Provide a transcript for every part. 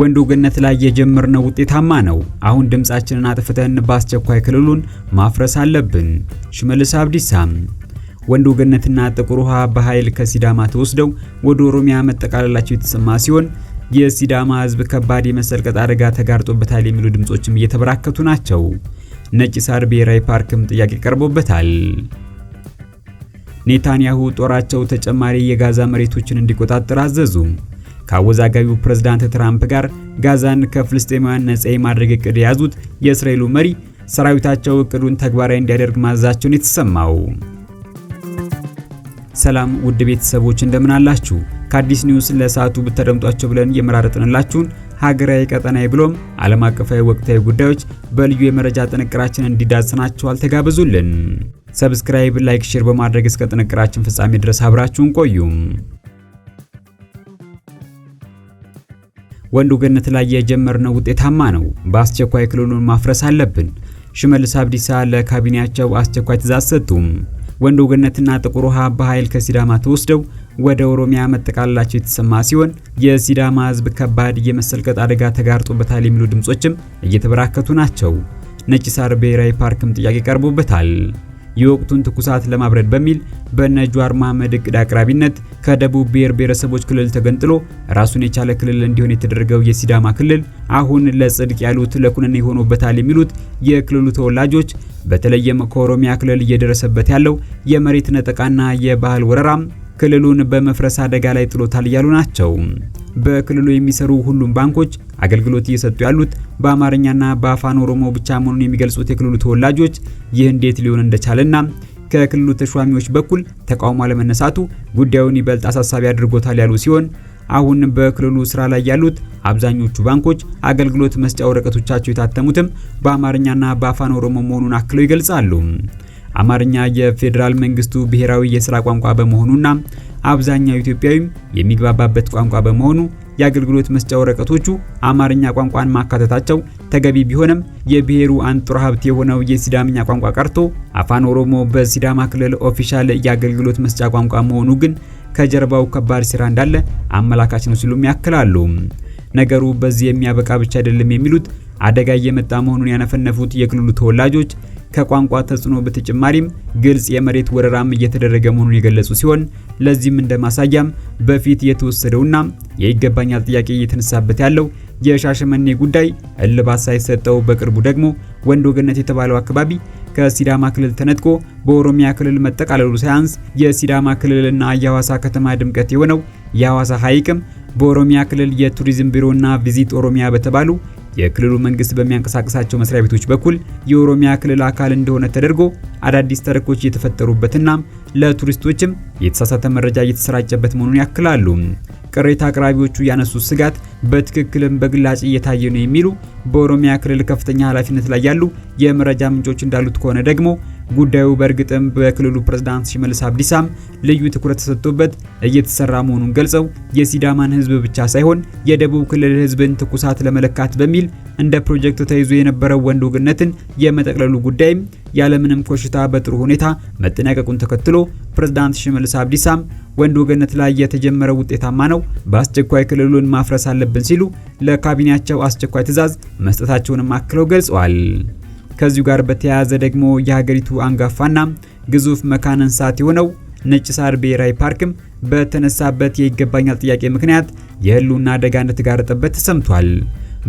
ወንዱ ገነት ላይ የጀመርነው ውጤታማ ነው። አሁን ድምጻችንን አጥፍተን በአስቸኳይ ክልሉን ማፍረስ አለብን። ሽመልስ አብዲሳም ወንዱ ገነትና ጥቁር ውሃ በኃይል ከሲዳማ ተወስደው ወደ ኦሮሚያ መጠቃለላቸው የተሰማ ሲሆን የሲዳማ ሕዝብ ከባድ የመሰልቀጥ አደጋ ተጋርጦበታል የሚሉ ድምጾችም እየተበራከቱ ናቸው። ነጭ ሳር ብሔራዊ ፓርክም ጥያቄ ቀርቦበታል። ኔታንያሁ ጦራቸው ተጨማሪ የጋዛ መሬቶችን እንዲቆጣጠር አዘዙ። ከአወዛጋቢው ፕሬዝዳንት ትራምፕ ጋር ጋዛን ከፍልስጤማውያን ነጻ የማድረግ እቅድ የያዙት የእስራኤሉ መሪ ሰራዊታቸው እቅዱን ተግባራዊ እንዲያደርግ ማዘዛቸውን የተሰማው። ሰላም ውድ ቤተሰቦች እንደምን አላችሁ? ከአዲስ ኒውስ ለሰዓቱ ብታደምጧቸው ብለን የመራረጥንላችሁን ሀገራዊ፣ ቀጠናዊ ብሎም ዓለም አቀፋዊ ወቅታዊ ጉዳዮች በልዩ የመረጃ ጥንቅራችን እንዲዳስናችሁ አልተጋበዙልን። ሰብስክራይብ፣ ላይክ፣ ሼር በማድረግ እስከ ጥንቅራችን ፍጻሜ ድረስ አብራችሁን ቆዩም። ወንዱ ገነት ላይ የጀመርነው ውጤታማ ነው። በአስቸኳይ ክልሉን ማፍረስ አለብን። ሽመልስ አብዲሳ ለካቢኔያቸው አስቸኳይ ትእዛዝ ሰጡም። ወንዶ ገነትና ጥቁር ውሃ በኃይል ከሲዳማ ተወስደው ወደ ኦሮሚያ መጠቃለላቸው የተሰማ ሲሆን የሲዳማ ሕዝብ ከባድ የመሰልቀጥ አደጋ ተጋርጦበታል የሚሉ ድምጾችም እየተበራከቱ ናቸው። ነጭ ሳር ብሔራዊ ፓርክም ጥያቄ ቀርቦበታል። የወቅቱን ትኩሳት ለማብረድ በሚል በነ ጃዋር መሐመድ እቅድ አቅራቢነት ከደቡብ ብሔር ብሔረሰቦች ክልል ተገንጥሎ ራሱን የቻለ ክልል እንዲሆን የተደረገው የሲዳማ ክልል አሁን ለጽድቅ ያሉት ለኩነኔ ሆኖበታል የሚሉት የክልሉ ተወላጆች በተለይም ከኦሮሚያ ክልል እየደረሰበት ያለው የመሬት ነጠቃና የባህል ወረራም ክልሉን በመፍረስ አደጋ ላይ ጥሎታል እያሉ ናቸው። በክልሉ የሚሰሩ ሁሉም ባንኮች አገልግሎት እየሰጡ ያሉት በአማርኛና በአፋን ኦሮሞ ብቻ መሆኑን የሚገልጹት የክልሉ ተወላጆች ይህ እንዴት ሊሆን እንደቻለና ከክልሉ ተሿሚዎች በኩል ተቃውሞ አለመነሳቱ ጉዳዩን ይበልጥ አሳሳቢ አድርጎታል ያሉ ሲሆን አሁን በክልሉ ስራ ላይ ያሉት አብዛኞቹ ባንኮች አገልግሎት መስጫ ወረቀቶቻቸው የታተሙትም በአማርኛና በአፋን ኦሮሞ መሆኑን አክለው ይገልጻሉ። አማርኛ የፌዴራል መንግስቱ ብሔራዊ የስራ ቋንቋ በመሆኑና አብዛኛው ኢትዮጵያዊም የሚግባባበት ቋንቋ በመሆኑ የአገልግሎት መስጫ ወረቀቶቹ አማርኛ ቋንቋን ማካተታቸው ተገቢ ቢሆንም የብሔሩ አንጡራ ሀብት የሆነው የሲዳምኛ ቋንቋ ቀርቶ አፋን ኦሮሞ በሲዳማ ክልል ኦፊሻል የአገልግሎት መስጫ ቋንቋ መሆኑ ግን ከጀርባው ከባድ ስራ እንዳለ አመላካች ነው ሲሉም ያክላሉ። ነገሩ በዚህ የሚያበቃ ብቻ አይደለም የሚሉት አደጋ እየመጣ መሆኑን ያነፈነፉት የክልሉ ተወላጆች ከቋንቋ ተጽዕኖ በተጨማሪም ግልጽ የመሬት ወረራም እየተደረገ መሆኑን የገለጹ ሲሆን ለዚህም እንደ ማሳያም በፊት የተወሰደውና የይገባኛል ጥያቄ እየተነሳበት ያለው የሻሸመኔ ጉዳይ እልባት ሳይሰጠው በቅርቡ ደግሞ ወንድ ወገነት የተባለው አካባቢ ከሲዳማ ክልል ተነጥቆ በኦሮሚያ ክልል መጠቃለሉ ሳያንስ የሲዳማ ክልልና የሐዋሳ ከተማ ድምቀት የሆነው የሐዋሳ ሐይቅም በኦሮሚያ ክልል የቱሪዝም ቢሮና ቪዚት ኦሮሚያ በተባሉ የክልሉ መንግስት በሚያንቀሳቅሳቸው መስሪያ ቤቶች በኩል የኦሮሚያ ክልል አካል እንደሆነ ተደርጎ አዳዲስ ተረኮች እየተፈጠሩበትና ለቱሪስቶችም የተሳሳተ መረጃ እየተሰራጨበት መሆኑን ያክላሉ። ቅሬታ አቅራቢዎቹ ያነሱት ስጋት በትክክልም በግላጭ እየታየ ነው የሚሉ በኦሮሚያ ክልል ከፍተኛ ኃላፊነት ላይ ያሉ የመረጃ ምንጮች እንዳሉት ከሆነ ደግሞ ጉዳዩ በእርግጥም በክልሉ ፕሬዝዳንት ሽመልስ አብዲሳም ልዩ ትኩረት ተሰጥቶበት እየተሰራ መሆኑን ገልጸው የሲዳማን ህዝብ ብቻ ሳይሆን የደቡብ ክልል ህዝብን ትኩሳት ለመለካት በሚል እንደ ፕሮጀክት ተይዞ የነበረው ወንድ ወገንነትን የመጠቅለሉ ጉዳይም ያለምንም ኮሽታ በጥሩ ሁኔታ መጠናቀቁን ተከትሎ ፕሬዝዳንት ሽመልስ አብዲሳም ወንድ ወገነት ላይ የተጀመረው ውጤታማ ነው፣ በአስቸኳይ ክልሉን ማፍረስ አለብን ሲሉ ለካቢኔያቸው አስቸኳይ ትዕዛዝ መስጠታቸውንም አክለው ገልጸዋል። ከዚሁ ጋር በተያያዘ ደግሞ የሀገሪቱ አንጋፋና ግዙፍ መካነ እንስሳት የሆነው ነጭ ሳር ብሔራዊ ፓርክም በተነሳበት የይገባኛል ጥያቄ ምክንያት የህልውና አደጋ እንደተጋረጠበት ተሰምቷል።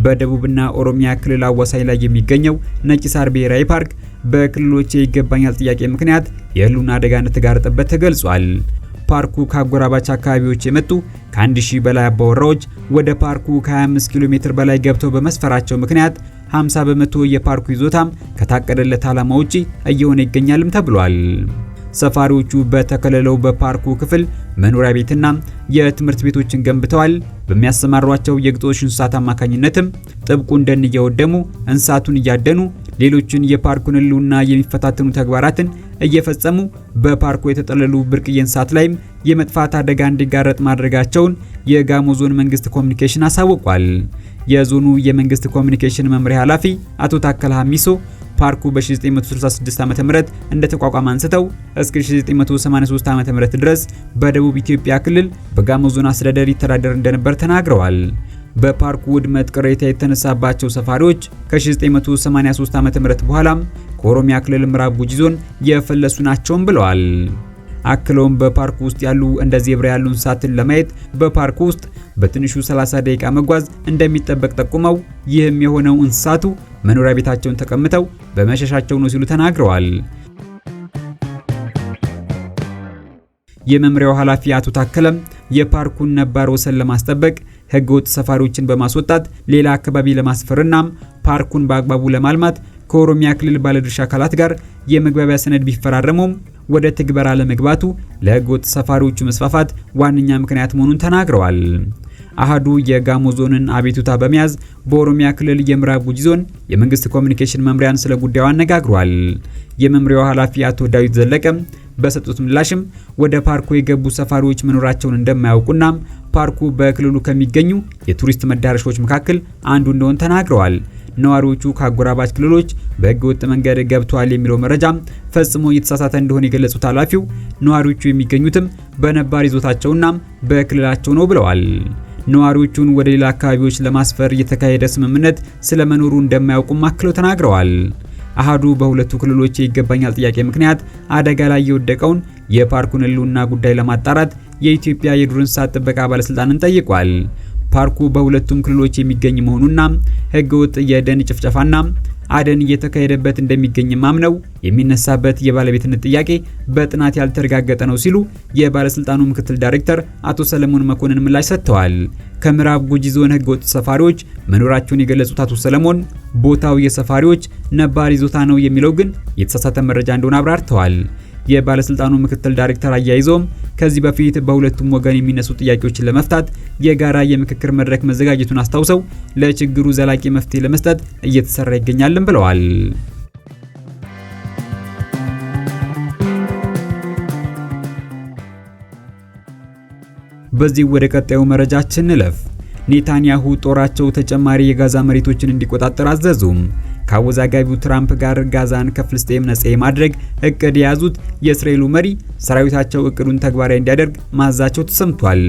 በደቡብና ኦሮሚያ ክልል አዋሳኝ ላይ የሚገኘው ነጭ ሳር ብሔራዊ ፓርክ በክልሎች የይገባኛል ጥያቄ ምክንያት የህልውና አደጋ እንደተጋረጠበት ተገልጿል። ፓርኩ ከአጎራባች አካባቢዎች የመጡ ከ1000 በላይ አባወራዎች ወደ ፓርኩ ከ25 ኪሎ ሜትር በላይ ገብተው በመስፈራቸው ምክንያት 50 በመቶ የፓርኩ ይዞታ ከታቀደለት ዓላማ ውጪ እየሆነ ይገኛልም ተብሏል። ሰፋሪዎቹ በተከለለው በፓርኩ ክፍል መኖሪያ ቤትና የትምህርት ቤቶችን ገንብተዋል። በሚያሰማሯቸው የግጦሽ እንስሳት አማካኝነትም ጥብቁን ደን እየወደሙ እንስሳቱን እያደኑ ሌሎችን የፓርኩን ሕልውና የሚፈታተኑ ተግባራትን እየፈጸሙ በፓርኩ የተጠለሉ ብርቅዬ እንስሳት ላይም የመጥፋት አደጋ እንዲጋረጥ ማድረጋቸውን የጋሞ ዞን መንግስት ኮሚኒኬሽን አሳውቋል። የዞኑ የመንግስት ኮሚኒኬሽን መምሪያ ኃላፊ አቶ ታከለ ሀሚሶ ፓርኩ በ1966 ዓ.ም እንደተቋቋመ አንስተው እስከ 1983 ዓ.ም ድረስ በደቡብ ኢትዮጵያ ክልል በጋሞ ዞን አስተዳደር ይተዳደር እንደነበር ተናግረዋል። በፓርኩ ውድመት ቅሬታ የተነሳባቸው ሰፋሪዎች ከ1983 ዓ.ም በኋላም ከኦሮሚያ ክልል ምዕራብ ጉጂ ዞን የፈለሱ ናቸውም ብለዋል። አክለውም በፓርኩ ውስጥ ያሉ እንደ ዜብራ ያሉ እንስሳትን ለማየት በፓርኩ ውስጥ በትንሹ 30 ደቂቃ መጓዝ እንደሚጠበቅ ጠቁመው ይህም የሆነው እንስሳቱ መኖሪያ ቤታቸውን ተቀምጠው በመሸሻቸው ነው ሲሉ ተናግረዋል። የመምሪያው ኃላፊ አቶ ታከለም የፓርኩን ነባር ወሰን ለማስጠበቅ ህገወጥ ሰፋሪዎችን በማስወጣት ሌላ አካባቢ ለማስፈርና ፓርኩን በአግባቡ ለማልማት ከኦሮሚያ ክልል ባለድርሻ አካላት ጋር የመግባቢያ ሰነድ ቢፈራረሙም ወደ ትግበራ ለመግባቱ ለህገወጥ ሰፋሪዎቹ መስፋፋት ዋነኛ ምክንያት መሆኑን ተናግረዋል። አሃዱ የጋሞ ዞንን አቤቱታ በመያዝ በኦሮሚያ ክልል የምዕራብ ጉጂ ዞን የመንግስት ኮሚኒኬሽን መምሪያን ስለ ጉዳዩ አነጋግሯል። የመምሪያው ኃላፊ አቶ ዳዊት ዘለቀም በሰጡት ምላሽም ወደ ፓርኩ የገቡ ሰፋሪዎች መኖራቸውን እንደማያውቁና ፓርኩ በክልሉ ከሚገኙ የቱሪስት መዳረሻዎች መካከል አንዱ እንደሆን ተናግረዋል። ነዋሪዎቹ ከአጎራባች ክልሎች በህገወጥ መንገድ ገብተዋል የሚለው መረጃም ፈጽሞ እየተሳሳተ እንደሆነ የገለጹት ኃላፊው ነዋሪዎቹ የሚገኙትም በነባር ይዞታቸውና በክልላቸው ነው ብለዋል። ነዋሪዎቹን ወደ ሌላ አካባቢዎች ለማስፈር የተካሄደ ስምምነት ስለመኖሩ እንደማያውቁም አክለው ተናግረዋል። አሃዱ በሁለቱ ክልሎች የይገባኛል ጥያቄ ምክንያት አደጋ ላይ የወደቀውን የፓርኩን ሕልውና ጉዳይ ለማጣራት የኢትዮጵያ የዱር እንስሳት ጥበቃ ባለስልጣንን ጠይቋል። ፓርኩ በሁለቱም ክልሎች የሚገኝ መሆኑና ህገወጥ የደን ጭፍጨፋና አደን እየተካሄደበት እንደሚገኝ ማምነው የሚነሳበት የባለቤትነት ጥያቄ በጥናት ያልተረጋገጠ ነው ሲሉ የባለስልጣኑ ምክትል ዳይሬክተር አቶ ሰለሞን መኮንን ምላሽ ሰጥተዋል። ከምዕራብ ጉጂ ዞን ህገወጥ ሰፋሪዎች መኖራቸውን የገለጹት አቶ ሰለሞን ቦታው የሰፋሪዎች ነባር ይዞታ ነው የሚለው ግን የተሳሳተ መረጃ እንደሆነ አብራርተዋል። የባለስልጣኑ ምክትል ዳይሬክተር አያይዞም ከዚህ በፊት በሁለቱም ወገን የሚነሱ ጥያቄዎችን ለመፍታት የጋራ የምክክር መድረክ መዘጋጀቱን አስታውሰው ለችግሩ ዘላቂ መፍትሄ ለመስጠት እየተሰራ ይገኛልም ብለዋል። በዚህ ወደ ቀጣዩ መረጃችን እንለፍ። ኔታንያሁ ጦራቸው ተጨማሪ የጋዛ መሬቶችን እንዲቆጣጠር አዘዙም። ከአወዛጋቢው ትራምፕ ጋር ጋዛን ከፍልስጤም ነጻ የማድረግ እቅድ የያዙት የእስራኤሉ መሪ ሰራዊታቸው እቅዱን ተግባራዊ እንዲያደርግ ማዛቸው ተሰምቷል።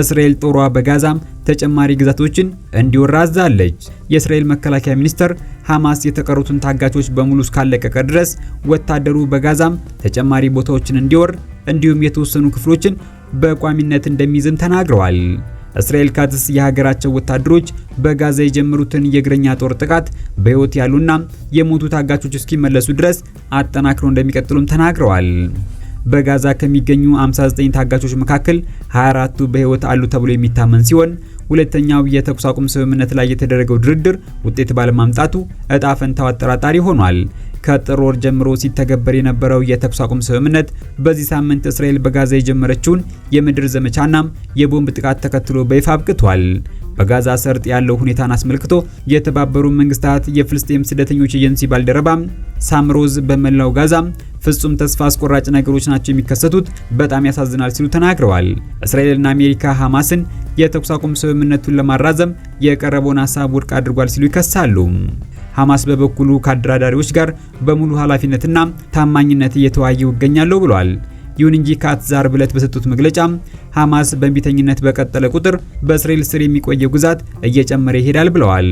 እስራኤል ጦሯ በጋዛም ተጨማሪ ግዛቶችን እንዲወራ አዛለች። የእስራኤል መከላከያ ሚኒስተር ሐማስ የተቀሩትን ታጋቾች በሙሉ እስካለቀቀ ድረስ ወታደሩ በጋዛም ተጨማሪ ቦታዎችን እንዲወር እንዲሁም የተወሰኑ ክፍሎችን በቋሚነት እንደሚዝም ተናግረዋል። እስራኤል ካትስ የሀገራቸው ወታደሮች በጋዛ የጀመሩትን የእግረኛ ጦር ጥቃት በህይወት ያሉና የሞቱ ታጋቾች እስኪመለሱ ድረስ አጠናክረው እንደሚቀጥሉም ተናግረዋል። በጋዛ ከሚገኙ 59 ታጋቾች መካከል 24ቱ በህይወት አሉ ተብሎ የሚታመን ሲሆን ሁለተኛው የተኩስ አቁም ስምምነት ላይ የተደረገው ድርድር ውጤት ባለማምጣቱ እጣ ፈንታው አጠራጣሪ ሆኗል። ከጥር ወር ጀምሮ ሲተገበር የነበረው የተኩስ አቁም ስምምነት በዚህ ሳምንት እስራኤል በጋዛ የጀመረችውን የምድር ዘመቻና የቦምብ ጥቃት ተከትሎ በይፋ አብቅቷል። በጋዛ ሰርጥ ያለው ሁኔታን አስመልክቶ የተባበሩ መንግስታት የፍልስጤም ስደተኞች ኤጀንሲ ባልደረባ ሳምሮዝ በመላው ጋዛ ፍጹም ተስፋ አስቆራጭ ነገሮች ናቸው የሚከሰቱት፣ በጣም ያሳዝናል ሲሉ ተናግረዋል። እስራኤልና አሜሪካ ሐማስን የተኩስ አቁም ስምምነቱን ለማራዘም የቀረበውን ሀሳብ ውድቅ አድርጓል ሲሉ ይከሳሉ። ሐማስ በበኩሉ ከአደራዳሪዎች ጋር በሙሉ ኃላፊነትና ታማኝነት እየተወያየው ይገኛለሁ ብሏል። ይሁን እንጂ ካትዝ አርብ ዕለት በሰጡት መግለጫ ሐማስ በእንቢተኝነት በቀጠለ ቁጥር በእስራኤል ስር የሚቆየው ግዛት እየጨመረ ይሄዳል ብለዋል።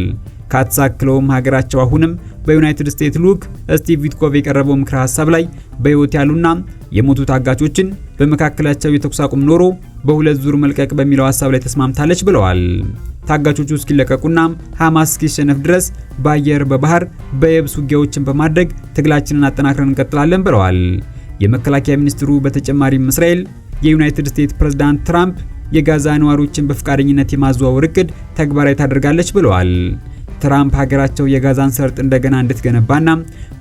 ካትዝ አክለውም ሀገራቸው አሁንም በዩናይትድ ስቴትስ ልዑክ ስቲቭ ዊትኮቭ የቀረበው ምክረ ሀሳብ ላይ በሕይወት ያሉና የሞቱ ታጋቾችን በመካከላቸው የተኩስ አቁም ኖሮ በሁለት ዙር መልቀቅ በሚለው ሀሳብ ላይ ተስማምታለች ብለዋል። ታጋቾቹ እስኪለቀቁና ሐማስ እስኪሸነፍ ድረስ በአየር፣ በባህር፣ በየብስ ውጊያዎችን በማድረግ ትግላችንን አጠናክረን እንቀጥላለን ብለዋል። የመከላከያ ሚኒስትሩ በተጨማሪም እስራኤል የዩናይትድ ስቴትስ ፕሬዝዳንት ትራምፕ የጋዛ ነዋሪዎችን በፈቃደኝነት የማዘዋወር እቅድ ተግባራዊ ታደርጋለች ብለዋል። ትራምፕ ሀገራቸው የጋዛን ሰርጥ እንደገና እንድትገነባና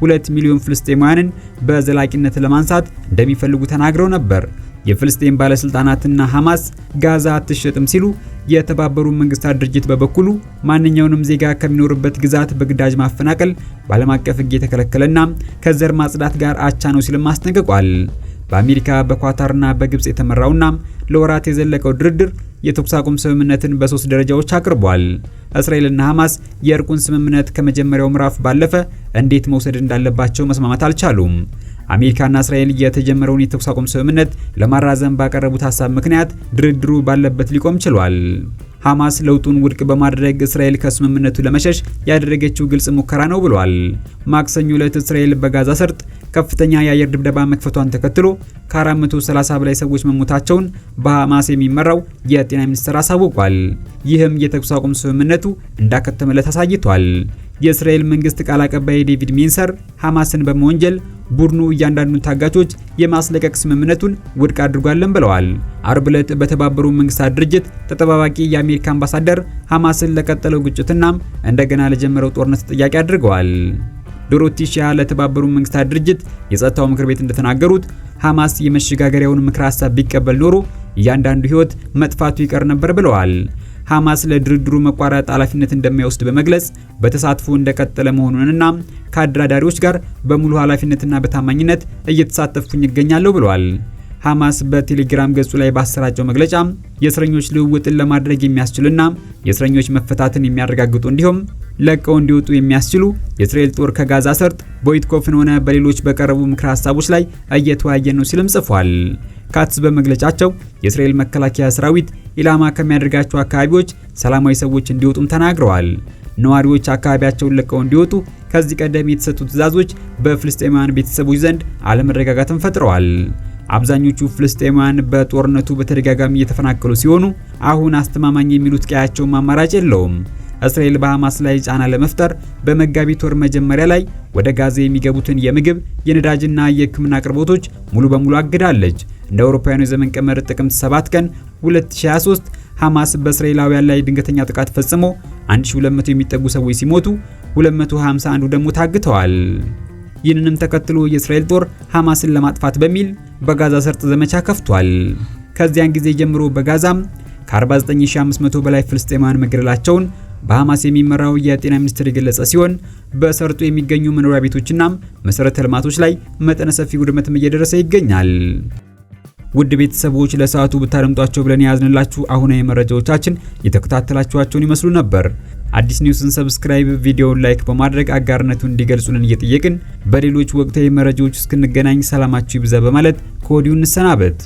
ሁለት ሚሊዮን ፍልስጤማውያንን በዘላቂነት ለማንሳት እንደሚፈልጉ ተናግረው ነበር። የፍልስጤም ባለስልጣናትና ሐማስ ጋዛ አትሸጥም ሲሉ፣ የተባበሩ መንግስታት ድርጅት በበኩሉ ማንኛውንም ዜጋ ከሚኖርበት ግዛት በግዳጅ ማፈናቀል በዓለም አቀፍ ሕግ የተከለከለና ከዘር ማጽዳት ጋር አቻ ነው ሲልም አስጠንቅቋል። በአሜሪካ በኳታርና በግብጽ የተመራውና ለወራት የዘለቀው ድርድር የተኩስ አቁም ስምምነትን በሶስት ደረጃዎች አቅርቧል። እስራኤልና ሐማስ የእርቁን ስምምነት ከመጀመሪያው ምዕራፍ ባለፈ እንዴት መውሰድ እንዳለባቸው መስማማት አልቻሉም። አሜሪካና እስራኤል የተጀመረውን የተኩስ አቁም ስምምነት ለማራዘም ባቀረቡት ሀሳብ ምክንያት ድርድሩ ባለበት ሊቆም ችሏል። ሐማስ ለውጡን ውድቅ በማድረግ እስራኤል ከስምምነቱ ለመሸሽ ያደረገችው ግልጽ ሙከራ ነው ብሏል። ማክሰኞ ዕለት እስራኤል በጋዛ ሰርጥ ከፍተኛ የአየር ድብደባ መክፈቷን ተከትሎ ከ430 በላይ ሰዎች መሞታቸውን በሐማስ የሚመራው የጤና ሚኒስቴር አሳውቋል። ይህም የተኩስ አቁም ስምምነቱ እንዳከተመለት አሳይቷል። የእስራኤል መንግስት ቃል አቀባይ ዴቪድ ሜንሰር ሐማስን በመወንጀል ቡድኑ እያንዳንዱን ታጋቾች የማስለቀቅ ስምምነቱን ውድቅ አድርጓለን ብለዋል። አርብ ዕለት በተባበሩ መንግስታት ድርጅት ተጠባባቂ የአሜሪካ አምባሳደር ሐማስን ለቀጠለው ግጭትና እንደገና ለጀመረው ጦርነት ተጠያቂ አድርገዋል። ዶሮቲሻ ሺያ ለተባበሩት መንግስታት ድርጅት የጸጥታው ምክር ቤት እንደተናገሩት ሐማስ የመሸጋገሪያውን ምክር ሐሳብ ቢቀበል ኖሮ እያንዳንዱ ህይወት መጥፋቱ ይቀር ነበር ብለዋል። ሐማስ ለድርድሩ መቋረጥ ኃላፊነት እንደማይወስድ በመግለጽ በተሳትፎ እንደቀጠለ መሆኑንና ከአደራዳሪዎች ጋር በሙሉ ኃላፊነትና በታማኝነት እየተሳተፍኩኝ ይገኛለሁ ብለዋል። ሐማስ በቴሌግራም ገጹ ላይ ባሰራጨው መግለጫ የእስረኞች ልውውጥን ለማድረግ የሚያስችልና የእስረኞች መፈታትን የሚያረጋግጡ እንዲሁም ለቀው እንዲወጡ የሚያስችሉ የእስራኤል ጦር ከጋዛ ሰርጥ ቦይትኮፍን ሆነ በሌሎች በቀረቡ ምክረ ሀሳቦች ላይ እየተወያየ ነው ሲልም ጽፏል። ካትስ በመግለጫቸው የእስራኤል መከላከያ ሰራዊት ኢላማ ከሚያደርጋቸው አካባቢዎች ሰላማዊ ሰዎች እንዲወጡም ተናግረዋል። ነዋሪዎች አካባቢያቸውን ለቀው እንዲወጡ ከዚህ ቀደም የተሰጡ ትዕዛዞች በፍልስጤማውያን ቤተሰቦች ዘንድ አለመረጋጋትን ፈጥረዋል። አብዛኞቹ ፍልስጤማውያን በጦርነቱ በተደጋጋሚ እየተፈናቀሉ ሲሆኑ አሁን አስተማማኝ የሚሉት ቀያቸውም አማራጭ የለውም። እስራኤል በሐማስ ላይ ጫና ለመፍጠር በመጋቢት ወር መጀመሪያ ላይ ወደ ጋዛ የሚገቡትን የምግብ የነዳጅና የሕክምና አቅርቦቶች ሙሉ በሙሉ አግዳለች። እንደ አውሮፓውያኑ የዘመን ቀመር ጥቅምት 7 ቀን 2023 ሐማስ በእስራኤላውያን ላይ ድንገተኛ ጥቃት ፈጽሞ 1200 የሚጠጉ ሰዎች ሲሞቱ 251 ደግሞ ታግተዋል። ይህንንም ተከትሎ የእስራኤል ጦር ሐማስን ለማጥፋት በሚል በጋዛ ሰርጥ ዘመቻ ከፍቷል። ከዚያን ጊዜ ጀምሮ በጋዛም ከ49500 በላይ ፍልስጤማውያን መገደላቸውን በሐማስ የሚመራው የጤና ሚኒስቴር የገለጸ ሲሆን በሰርጡ የሚገኙ መኖሪያ ቤቶችና መሰረተ ልማቶች ላይ መጠነ ሰፊ ውድመትም እየደረሰ ይገኛል። ውድ ቤተሰቦች ለሰዓቱ ብታደምጧቸው ብለን የያዝንላችሁ አሁናዊ መረጃዎቻችን የተከታተላችኋቸውን ይመስሉ ነበር። አዲስ ኒውስን ሰብስክራይብ፣ ቪዲዮውን ላይክ በማድረግ አጋርነቱን እንዲገልጹልን እየጠየቅን በሌሎች ወቅታዊ መረጃዎች እስክንገናኝ ሰላማችሁ ይብዛ በማለት ከወዲሁ እንሰናበት።